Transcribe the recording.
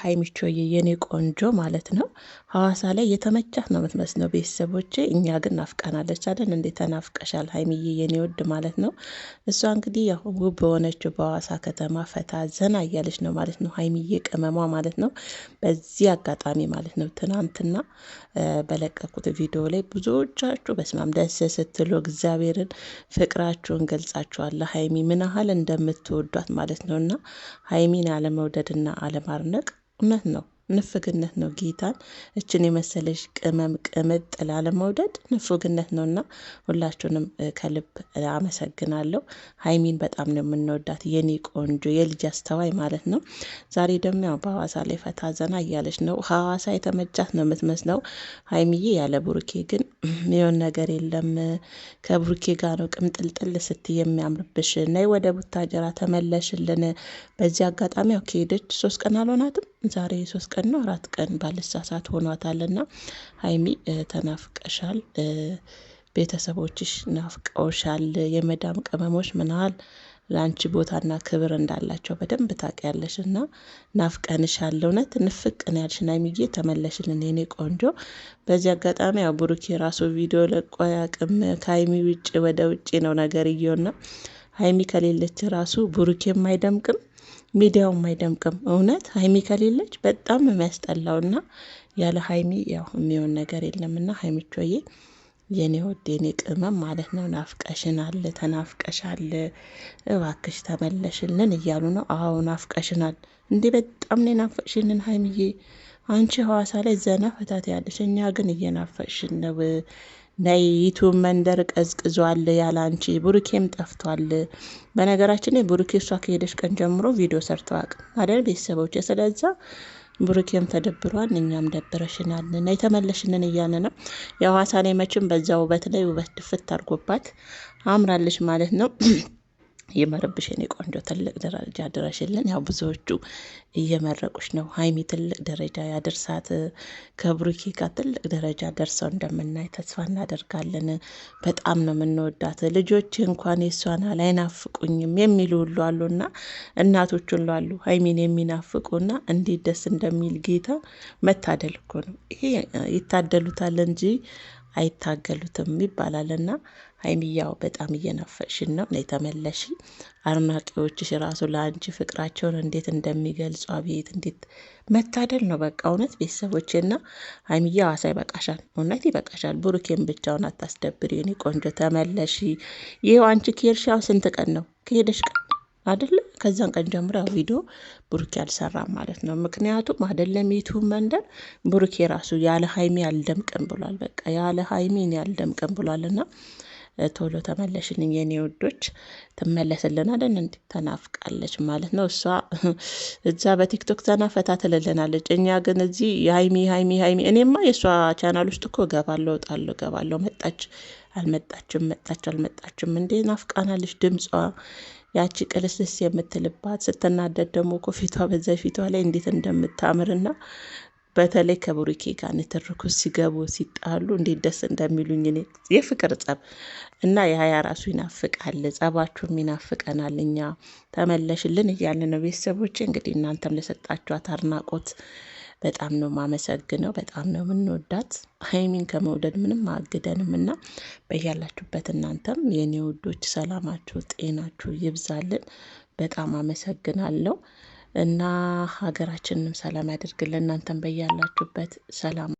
ሀይሚቾዬ የኔ ቆንጆ ማለት ነው። ሀዋሳ ላይ የተመቻት ነው ነው ቤተሰቦች፣ እኛ ግን ናፍቃናለች አለን። እንዴት ተናፍቀሻል ሀይሚዬ የኔ ውድ ማለት ነው። እሷ እንግዲህ ያው ውብ በሆነችው በሀዋሳ ከተማ ፈታ ዘና እያለች ነው ማለት ነው። ሀይሚዬ ቅመሟ ማለት ነው። በዚህ አጋጣሚ ማለት ነው ትናንትና በለቀቁት ቪዲዮ ላይ ብዙዎቻችሁ በስማም ደስ ስትሉ እግዚአብሔርን ፍቅራችሁን ገልጻችኋል። ሀይሚ ምን ያህል እንደምትወዷት ማለት ነው እና ሀይሚን አለመውደድና አለማርነቅ እውነት ነው ንፍግነት ነው። ጌታን እችን የመሰለች ቅመም ቅምጥ ቅምጥል አለመውደድ ንፍግነት ነውና ሁላችሁንም ከልብ አመሰግናለሁ። ሀይሚን በጣም ነው የምንወዳት የኔ ቆንጆ የልጅ አስተዋይ ማለት ነው። ዛሬ ደግሞ ያው በሐዋሳ ላይ ፈታ ዘና እያለች ነው። ሐዋሳ የተመቻት ነው የምትመስለው ሀይሚዬ ያለ ቡርኬ ግን የሚሆን ነገር የለም። ከቡርኬ ጋር ነው ቅምጥልጥል ስት የሚያምርብሽ። ነይ ወደ ቡታጀራ ተመለሽልን። በዚህ አጋጣሚ ያው ከሄደች ሶስት ቀን አልሆናትም ዛሬ ሶስት ቀን ነው አራት ቀን ባልሳሳት ና ሀይሚ ተናፍቀሻል። ቤተሰቦችሽ ናፍቀውሻል። የመዳም ቅመሞች ምናል ለአንቺ ቦታና ክብር እንዳላቸው በደንብ ታውቂያለሽ እና ናፍቀንሻል። እውነት ንፍቅ ነው ያልሽን ሀይሚዬ ተመለሽልን የኔ ቆንጆ። በዚህ አጋጣሚ ያው ብሩኬ ራሱ ቪዲዮ ለቆ ያቅም ከሀይሚ ውጭ ወደ ውጭ ነው ነገር ና ሀይሚ ከሌለች ራሱ ብሩኬም አይደምቅም፣ ሚዲያውም አይደምቅም። እውነት ሀይሚ ከሌለች በጣም የሚያስጠላውና ያለ ሀይሚ ያው የሚሆን ነገር የለምና ሀይሚቾዬ የኔ ወድ የኔ ቅመም ማለት ነው። ናፍቀሽናል፣ ተናፍቀሻል፣ እባክሽ ተመለሽልን እያሉ ነው። አዎ ናፍቀሽናል፣ እንዲህ በጣም ነው የናፈቅሽንን ሀይሚዬ። አንቺ ሐዋሳ ላይ ዘና ፈታት ያለሽ፣ እኛ ግን እየናፈቅሽን ነው። ናይ ዩቱብ መንደር ቀዝቅዟል ያላንቺ ቡሩኬም ጠፍቷል። በነገራችን ላይ ብሩኬ እሷ ከሄደች ቀን ጀምሮ ቪዲዮ ሰርቶ አቅም አደል ቤተሰቦች። ስለዛ ቡሩኬም ተደብሯል፣ እኛም ደብረሽናል፣ ነይ ተመለሽንን እያለ ነው። የሐዋሳ ላይ መቼም በዛ ውበት ላይ ውበት ድፍት አድርጎባት አምራለች ማለት ነው። ይመረብሽ የኔ ቆንጆ ትልቅ ደረጃ ድረሽልን። ያው ብዙዎቹ እየመረቁሽ ነው ሀይሚ ትልቅ ደረጃ ያደርሳት፣ ከብሩኬ ጋር ትልቅ ደረጃ ደርሰው እንደምናይ ተስፋ እናደርጋለን። በጣም ነው የምንወዳት። ልጆች እንኳን የእሷን አይናፍቁኝም የሚሉ ሁሉ አሉና እናቶች ሁሉ አሉ ሀይሚን የሚናፍቁና እንዲህ ደስ እንደሚል ጌታ መታደል እኮ ነው ይሄ። ይታደሉታል እንጂ አይታገሉትም ይባላልና ሀይሚያው በጣም እየናፈቅሽን ነው ነ የተመለሽ። አድናቂዎችሽ ራሱ ለአንቺ ፍቅራቸውን እንዴት እንደሚገልጹ አቤት! እንዴት መታደል ነው በቃ እውነት ና ሀይሚያው አሳ ይበቃሻል፣ እውነት ይበቃሻል። ብሩኬን ብቻውን አታስደብር ቆንጆ ተመለሺ። ይኸው አንቺ ኬርሻው ስንት ቀን ነው? ከሄደሽ ቀን አደለ ከዛን ቀን ጀምሮ ያው ቪዲዮ ብሩኬ አልሰራም ማለት ነው። ምክንያቱም አይደለም መንደር ብሩኬ ራሱ ያለ ሀይሜ አልደምቅም ብሏል። በቃ ያለ ሀይሜ እኔ አልደምቅም ብሏል። እና ቶሎ ተመለሽልኝ የኔ ውዶች፣ ትመለስልናለን። እንዲ ተናፍቃለች ማለት ነው። እሷ እዛ በቲክቶክ ዘና ፈታ ትልልናለች፣ እኛ ግን እዚህ የሀይሚ ሀይሚ ሀይሚ። እኔማ የእሷ ቻናል ውስጥ እኮ ገባለው፣ እወጣለሁ፣ ገባለው። መጣች አልመጣችም፣ መጣች አልመጣችም፣ እንዴ ናፍቃናለች ድምጿ ያቺ ቅልስልስ የምትልባት ስትናደድ ደግሞ እኮ ፊቷ በዛ ፊቷ ላይ እንዴት እንደምታምርና በተለይ ከብሩኬ ጋር ንትርኩ ሲገቡ ሲጣሉ እንዴት ደስ እንደሚሉኝ የፍቅር ጸብ እና የሀያ ራሱ ይናፍቃል። ጸባችሁም ይናፍቀናል። እኛ ተመለሽልን እያለ ነው ቤተሰቦቼ። እንግዲህ እናንተም ለሰጣችኋት አድናቆት በጣም ነው ማመሰግነው። በጣም ነው የምንወዳት ሀይሚን ከመውደድ ምንም አግደንም እና በያላችሁበት እናንተም የኔ ውዶች ሰላማችሁ፣ ጤናችሁ ይብዛልን። በጣም አመሰግናለሁ እና ሀገራችንንም ሰላም ያደርግልን። እናንተም በያላችሁበት ሰላም